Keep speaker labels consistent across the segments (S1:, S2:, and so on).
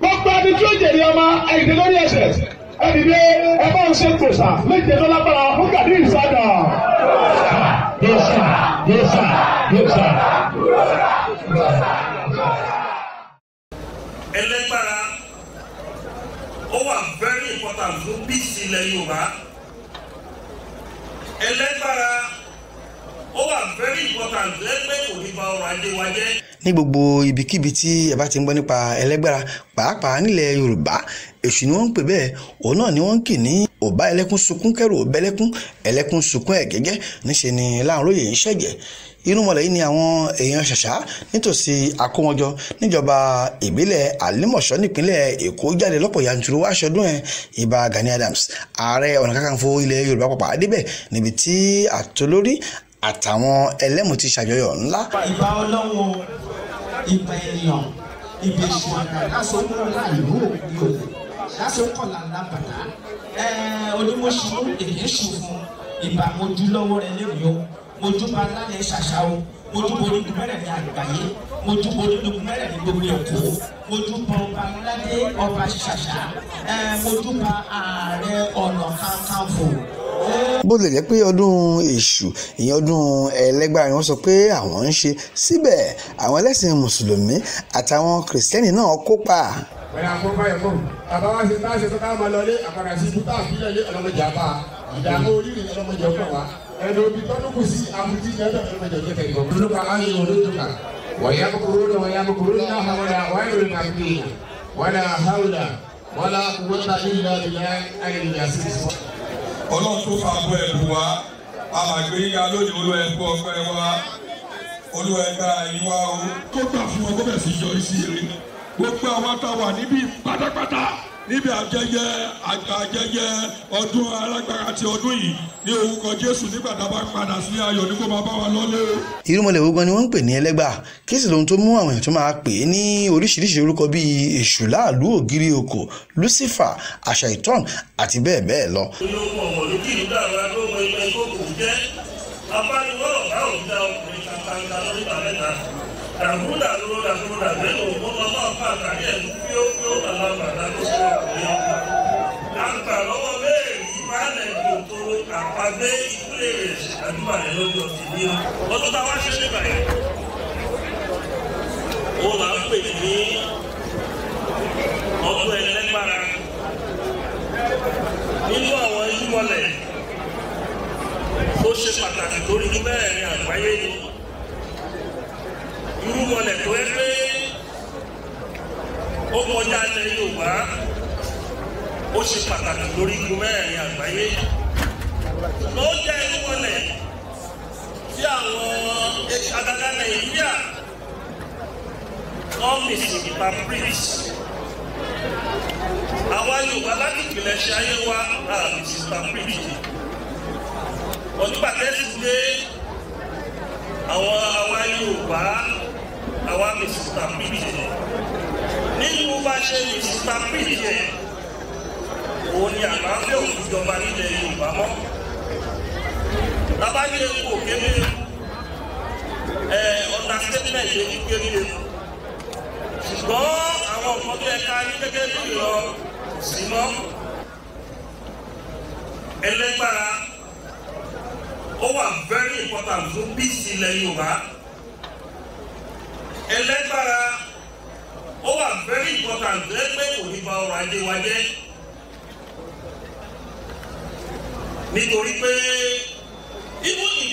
S1: gbogbo ẹni tí ó jèrè ọmọ ẹ̀dẹ̀ lórí ẹsẹ̀ ẹ̀dìdẹ ẹ̀bá ń ṣe tòṣà
S2: méje tó lágbára fún gàdí ìsádà. yóòṣà
S1: ó wà very important fún bíìsì ilẹ̀ Yorùbá ẹlẹ́gbára ó wà very important
S3: ní gbogbo ibikíbi tí ẹ bá ti ń gbọ́ nípa ẹlẹ́gbára pàápàá nílẹ̀ yorùbá èṣù ni wọ́n ń pè bẹ́ẹ̀ òun náà ni wọ́n ń kì ní òbá ẹlẹ́kún sunkún kẹrù òbẹ́lẹ́kún ẹlẹ́kún sunkún ẹ̀gẹ́gẹ́ níṣe ni Láàróyè ń ṣẹ̀jẹ̀ inú mọ̀lẹ́ yìí ni àwọn èèyàn ṣàṣà nítòsí àkówọnjọ níjọba ìbílẹ̀ àlímọ̀ṣọ́ nípínlẹ̀ èkó jáde lọ́pọ̀ yanturu wá ẹ̀ ibà Gani Adams ààrẹ ọ̀nà kakanfò ilẹ̀ yorùbá pàpà adébẹ̀ níbi tí àtolórí àtàwọn ẹlẹ́mù ti ṣàjọyọ̀ ńlá.
S1: ìbà ọlọ́wọ́ ìbà ènìyàn ìbè ṣùgbọ́n
S3: láṣọ ń kọ́ láàlú òbí o láṣọ ń kọ́ làlá bàtà onímọ̀ṣinú èyí ṣù fún ìbà mojú lọ́wọ́ rẹ lẹ́yìn o mojú bá lálẹ́ ṣàṣà o mojú bo onígun mẹ́rẹ̀ ní àgbáyé mojú bo onígun mẹ́rẹ̀ ní gbogbo ẹ̀kọ́ mojú
S1: bọ ọba aládé ọba ṣàṣà mojú bá ààrẹ ọ̀nà kankanfò
S3: bó lè jẹ́ pé ọdún èṣù ìyẹn ọdún ẹlẹ́gbára ni wọ́n sọ pé àwọn ń ṣe síbẹ̀ àwọn ẹlẹ́sìn mùsùlùmí àtàwọn kìrìsìtẹ́nì náà kópa.
S2: pẹ̀lú àkókò ẹ̀kọ́ bàbá wa ṣe táṣe tó káwọn lọlé àpàrà sí ibú tá àfihàn lé ọlọ́mọdé àbá ìdààmú oríire ọlọ́mọdé ọkọ̀ wa ẹni omi tọ́dún kù sí amúdí ẹgbẹ́ ọlọ́mọdé ọjọ́
S1: kẹrin ọlọ́run tó fà bọ ẹ̀bùn wa a máa gbé yíga lónìí olúwa ẹ̀kọ́ ọpẹ́ wa olúwa ẹgbẹ́ ayé o. kó gbà fún ọ kó bẹ̀ sí yọrí sí eré gbogbo àwọn tá a pátápátá níbi àjẹyẹ àjẹyẹ ọdún alágbára ti ọdún yìí ní orúkọ jésù nígbà tá a bá padà sí ayọ̀ ní kó máa bá wa lọ́lé.
S3: irúmọlẹ̀ ogun ni wọ́n ń pè ní ẹlẹ́gbà kí sì lohun tó mú àwọn èèyàn tó máa pè é ní oríṣiríṣi orúkọ bíi èṣù láàlú ògiri oko lucifer àṣà ìtọ́n àti bẹ́ẹ̀ bẹ́ẹ̀ lọ. olóògùn
S1: ọ̀mọ̀lú kì í dára lóko ilẹ̀ ìgbókùn jẹ́ abániwọ̀rọ̀ gbàdúrà rẹ lórí ọ̀sẹ̀ ní ọdún tá a wá ṣẹ̀ṣẹ̀ báyìí. ó là ń pè ní ọdún ẹlẹ́gbára nínú àwọn ìmọ̀lẹ̀ tó ṣe pàtàkì lórí mẹ́rin àgbáyé ni irúmọlẹ̀ tó ẹ pé ó kọjá ilẹ̀ Yorùbá ó ṣe pàtàkì lórí igun mẹ́rin àgbáyé ló jẹ́ irúmọlẹ̀ tí àwọn àgàgà nàìjíríà ọ́fíìsì paprit àwa yorùbá láti ìpìlẹ̀ ṣe ayé wa àbísí paprit onígbàtẹ́sí pé àwọn àwa yorùbá àwa àbísí paprit nínú bá ṣe àbísí paprit yẹn òun ni àlàáfíà òfin jọba nílẹ̀ yorùbá mọ́ bàbá yẹ kò kéré ẹ understatement yẹ kí kéré ṣùgbọ́n àwọn nǹkan tó yẹ gẹ́gẹ́ bí lọ sí mọ́ ẹlẹ́gbára ó wà very important fún bíìsì ilẹ̀ Yorùbá ẹlẹ́gbára ó wà very important lẹ́gbẹ́ kò ní ba ọrọ̀ ajé wa jẹ́ nítorí pé.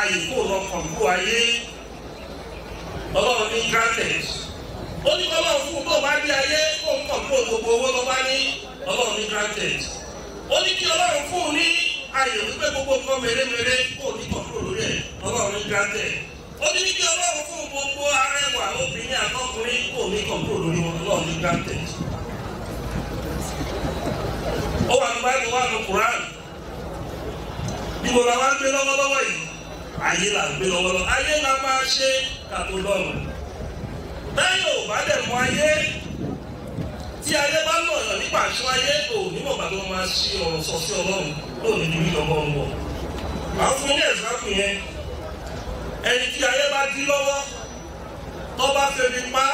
S1: ayè kó lọ kọ̀ǹpó ayé ọlọ́run ní granted ó ní ọlọ́run fún bó bá dé ayé kó ń kọ̀ǹpó gbogbo owó ló bá ní ọlọ́run ní granted ó ní kí ọlọ́run fún un ní ayè wípé gbogbo nǹkan mèremère kó ní kọ̀ǹpó lórí ẹ̀ ọlọ́run ní granted ó ní kí ọlọ́run fún gbogbo arẹwà obìnrin àtọkùnrin kó ní kọ̀ǹpó lórí wọn ọlọ́run ní granted ó wà ní báyìí wà ní Kùránì ìwòrán wa ń gbé lọ́wọ́lọ́wọ́ yìí ayé là ń gbé lọ́wọ́lọ́wọ́ ayé la máa ṣe kàtó lọ́rùn bẹ́ẹ̀ ò bá dẹ̀ mọ ayé tí ayé bá lọ ọ̀yàn nípa àṣọ ayé kò nímọ̀ bá tó máa ṣe ọ̀rọ̀ sọ sí ọlọ́run lónìí níbi ìjọba ọ̀run wọ̀ àwọn fún ní ẹ̀sáàpù yẹn ẹni tí ayé bá dí lọ́wọ́ tó bá febi pa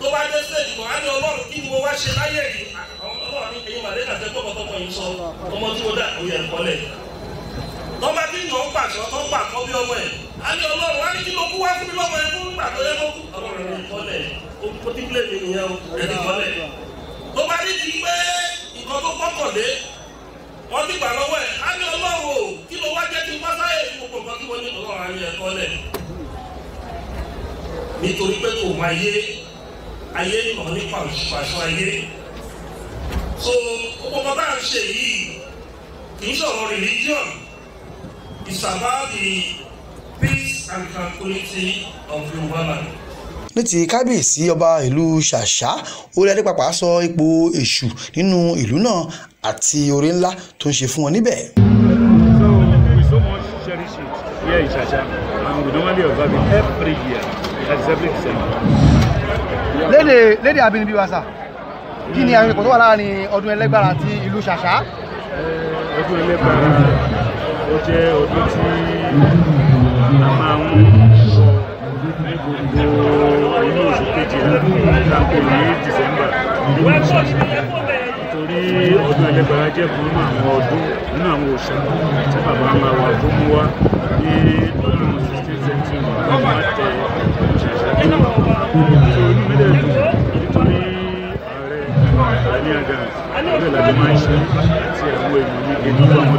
S1: tó bá dé sèdí kan á ní ọlọ́run kí ni mo wá ṣe láyé yìí ọlọ́run ẹ̀yin màlẹ́ nàfẹ́ tọkọtọkọ yìí sọ ọmọ tí mo dà bọ́mọdé yàn ń pàṣẹ ọtọ́ ń pàṣọ bí ọmọ ẹ̀ á ní ọlọ́run á ní kí ló kú wá fún mi lọ́mọ ẹ̀ fún ìgbà tó yẹ kó kú ọlọ́run ẹ̀ kọ́lẹ̀ ó ti gbé mi nìyẹn o ẹ̀ ti kọ́lẹ̀ bọ́mọdé ti gbé nǹkan tó kọ́kọ̀dé wọ́n ti gbà lọ́wọ́ ẹ̀ á ní ọlọ́run o kí ló wá jẹ́ kí pásáyé fún gbogbo nǹkan tí wọ́n ní ọlọ́run á ní ẹ̀ kọ́lẹ̀ nítorí pé kò máa yé ayé nìkan nípa pàṣọ ayé so gbogbo bàbá à ń ṣe yìí kì í sọ̀rọ̀ religion is about the peace and tranquility of Yorùbá land.
S3: ní ti kábíyèsí ọba ìlú ṣàṣà orí adépapà sọ ipò èṣù nínú ìlú náà àti oore ńlá tó ń ṣe fún wọn níbẹ̀. so we so much cherish it
S2: here in Ṣàṣà and we normally observe it every year as every December.
S3: lédè lédè àbínibí wa sà kí ni àwọn ìpò tó wà láàrin ọdún ẹlẹ́gbára àti ìlú ṣàṣà.
S2: ọdún ẹlẹ́gbára ó jẹ́ ọdún tí a máa ń ní gbogbo inú oṣù kejìlá ìtàkùn ní December nítorí ọdún ẹlẹ́gbàá jẹ́ kan nínú àwọn ọdún nínú àwọn òṣà tí bàbá máa wà tó mú wá ní ọdún sixteen seventeen wọ́n máa tẹ ṣàṣà tó wà tó nítorí ààrẹ àní àgà ọ̀rẹ́ làdé máa ń ṣe àti àwọn èèyàn ní ìlú àwọn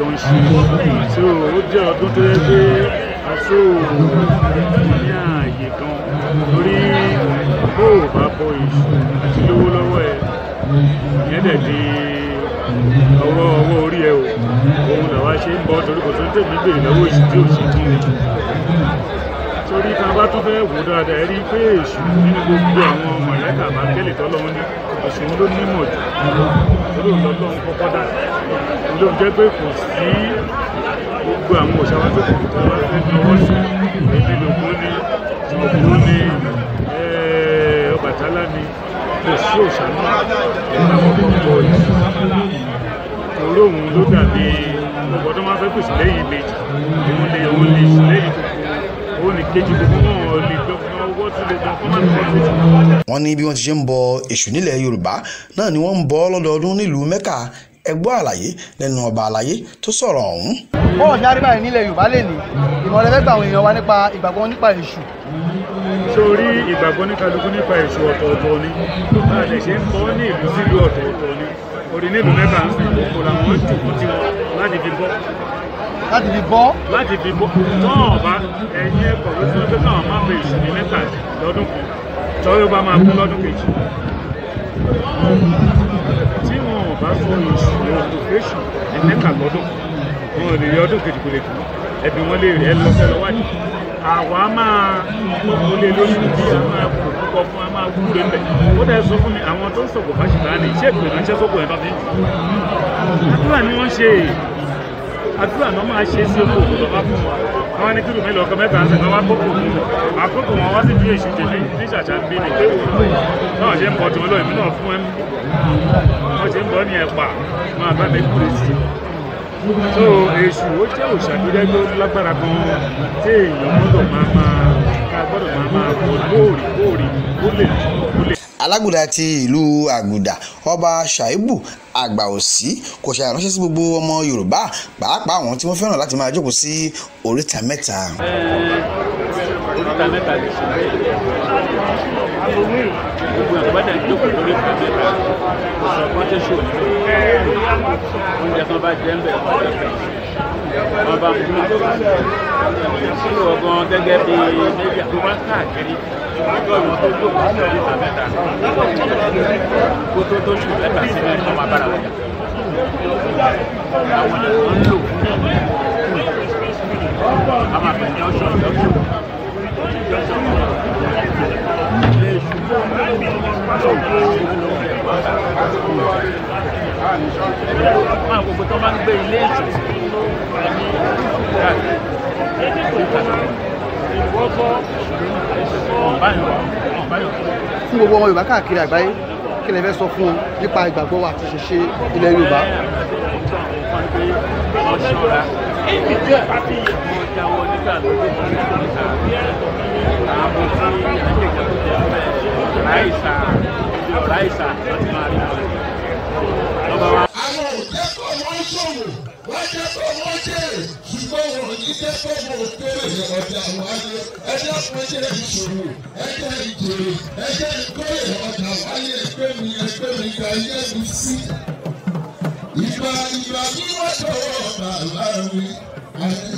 S2: jọ ń ṣe so ó jẹ́ ọdún tó yẹ pé aṣọ ní ààyè kan torí bó o bá bọ èṣù àti lówó lọ́wọ́ ẹ ìyẹn dẹ̀ di ọwọ́ ọwọ́ orí ẹ o òun làwa ṣe ń bọ́ torí kò tó ń tẹ̀mí bèrè èṣù tí ò ṣe kí ni torí tá a bá tún fẹ́ wò dáadáa rí pé èṣù nínú gbogbo àwọn mọ̀lẹ́kà bá kẹ́lẹ̀ tọ́lọ́run ní èṣù ló nímọ̀ jù olóòótọ́ lọ́run kọ́kọ́ dá ló jẹ́ pé kò sí gbogbo àwọn òṣàwọn tó kù tó bá fẹ́ lọ́wọ́ sí èyí lògún ní ògún ní Ọbàtálá ni kò sí òṣà náà láwọn kọ̀ọ̀kọ̀ yìí torí òun ló dàbí ọgbọ́dọ́ máa fẹ́ pèsè lẹ́yìn méjì òun lè òun lè sílẹ̀ yìí
S3: olùkejì gbogbo wọn ò lè gbọ́n owó tí lè gbọ́n fún màmí. wọ́n ní bí wọ́n ti ṣe ń bọ èṣù nílẹ̀ yorùbá náà ni wọ́n ń bọ lọ́dọọdún nílùú mẹ́kà ẹ gbọ́ àlàyé lẹ́nu ọba àlàyé tó sọ̀rọ̀ ọ̀hún. bọ́ọ̀ ní arígbà yìí nílẹ̀ yorùbá lè ní ìmọ̀lẹ́ fẹ́ gbà àwọn èèyàn wa nípa ìgbàgbọ́ nípa èṣù.
S2: sórí ìgbàgbọ́ ní kálukú nípa èṣù ọ̀tọ̀ọ̀tọ̀ ni a lè ṣe ń bọ́ ní ìlú sílùú ọ̀tọ̀ọ̀tọ̀ ni orí nílùú mẹ́fà láti fi bọ́. láti fi bọ́ náà ọba ẹ̀yin ẹ̀kọ́ ló sọ pé náà má bẹ èṣù ní mẹ́ta lọ́dún kan tọ́wé bá máa kú lọ́dún kejì. tí wọn ò bá sọ èṣù èṣù ní mẹ́ta lọ́dún wọn ò lè rí ọdún kejì kò lè dùn ẹbí wọn lè rí ẹ lọ fẹ́ lọ wájú. àwa máa kókó lé lórí bí a máa kó púpọ̀ fún a máa wú lé mbẹ̀. ó dẹ̀ sọ fún mi àwọn tó ń sọ̀kò fáṣítà é àdúrà náà máa ṣe sí oko òkú lọ́wọ́ fún wa àwọn ní kírù mélòó kan mẹ́ta ń sìn kan wá kókò fún mi àkókò wọn wá sí bí èṣù jèlé ní ṣàṣà ń bílẹ̀ náà ṣe ń bọ̀ tí wọn lọ èmi náà fún ẹmí wọn ṣe ń bọ̀ ní ẹ̀pà máa bá mi kúrè sí so èṣù ó jẹ́ òṣàdúrẹ́ tó lágbára gan tí èèyàn gbọ́dọ̀ máa máa
S3: ká gbọ́dọ̀ máa máa bọ̀ lóòrèkóòrè ó lè tún alágbòdà ti ìlú àgùdà ọba ṣàìbù àgbà òsì kò ṣe àránṣẹ́ sí gbogbo ọmọ yorùbá pàápàá àwọn tí wọ́n fẹ́ràn láti máa jókòó sí oríta mẹ́ta.
S2: oríta mẹ́ta lè ṣe bẹ́ẹ̀ gbogbo àgbàdà jókòó lórí ìta mẹ́ta ọ̀sán kan tó ṣòwò oúnjẹ kan bá jẹ́ ń bẹ̀ ọ́ ọba fún mi sílò ọgbọ́n gẹ́gẹ́ bíi méjì àti wákàkiri. kó tó tó ṣù mẹ́ta sí mẹ́rin ọmọ abára wọn àwọn èèyàn
S1: ń lò a máa fẹ́ ní ọ̀ṣọ́ ìdọ́jú máa gbogbo tó bá ń gbé ilé ìṣòro
S2: ẹni ìwọ́fọ́ ìṣòro.
S3: fún gbogbo ọmọ Yorùbá káàkiri àgbáyé kí lè fẹ́ sọ fún un nípa ìgbàgbọ́ wa àti ṣẹṣẹ ilẹ̀ Yorùbá. àwọn
S1: òjẹ́ kò wọ́n ṣòwò wọ́n jẹ́ kò wọ́n jèrè ṣùgbọ́n wọn ò ní jẹ́ kò wọ́n kéré ọjà wọn á ẹjẹ́
S2: àpòjẹ́ ìṣòwò ẹjẹ́ ìjèrè ẹjẹ́ ìkórè ọjà wáyé ẹgbẹ́ mi ẹgbẹ́ mi gba iye mi sí. ìgbà ìgbà tí wọ́n tọwọ́ bàbá mi àti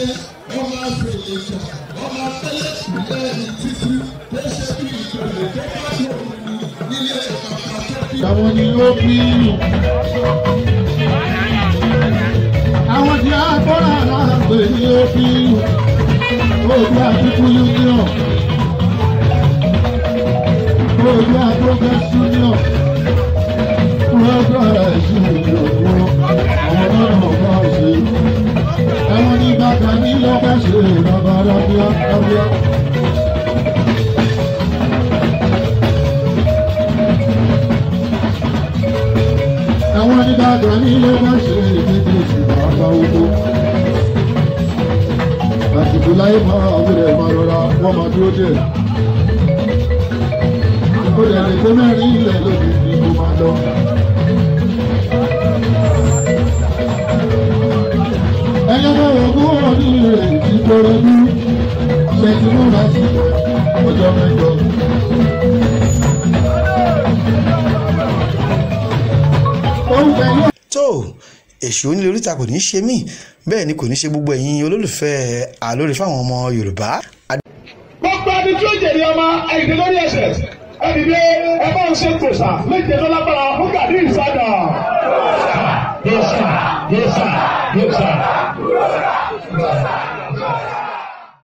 S1: ayé wọ́n máa fèlè jà wọ́n máa tẹ́lẹ̀ lẹ́yìn títí ó ṣe bí ìpèlè tó bá lò nílé
S2: bàbá tó bí. àwọn ni ló bí àwọn tí a gbọ́ra láàgbè ni ó bí òbí àtúkú union òbí àtúkú union wọ́n gbọ́ra ìṣúná ìjọba àwọn náà lọ́ba ṣe lọ́ba lọ́bíọ́ lọ́bíọ́. àwọn onídàájọ́ ní lọ́ba ṣe ìdíje ìṣùgbọ́n àgbà oko. àsìkò láyé máa àwúrẹ̀ máa rọra wọ́n máa dúró díẹ̀. ó lè ilé ogún onílé ìgbòròdú ṣe ti múra sí ọjọ́ mẹ́jọ.
S3: tó èṣù nílé oríta kò ní í ṣe mí bẹ́ẹ̀ ni kò ní í ṣe gbogbo ẹ̀yin olólùfẹ́ àlórí fáwọn ọmọ Yorùbá.
S1: gbogbo ẹni tí ó jèrè ọmọ ẹ̀dẹ̀ lórí ẹsẹ̀ ẹ̀dìdẹ́ ẹ ṣe tòṣà méje lọ́lápàá fún Gani Adams. desa, desa, desa.
S2: desa.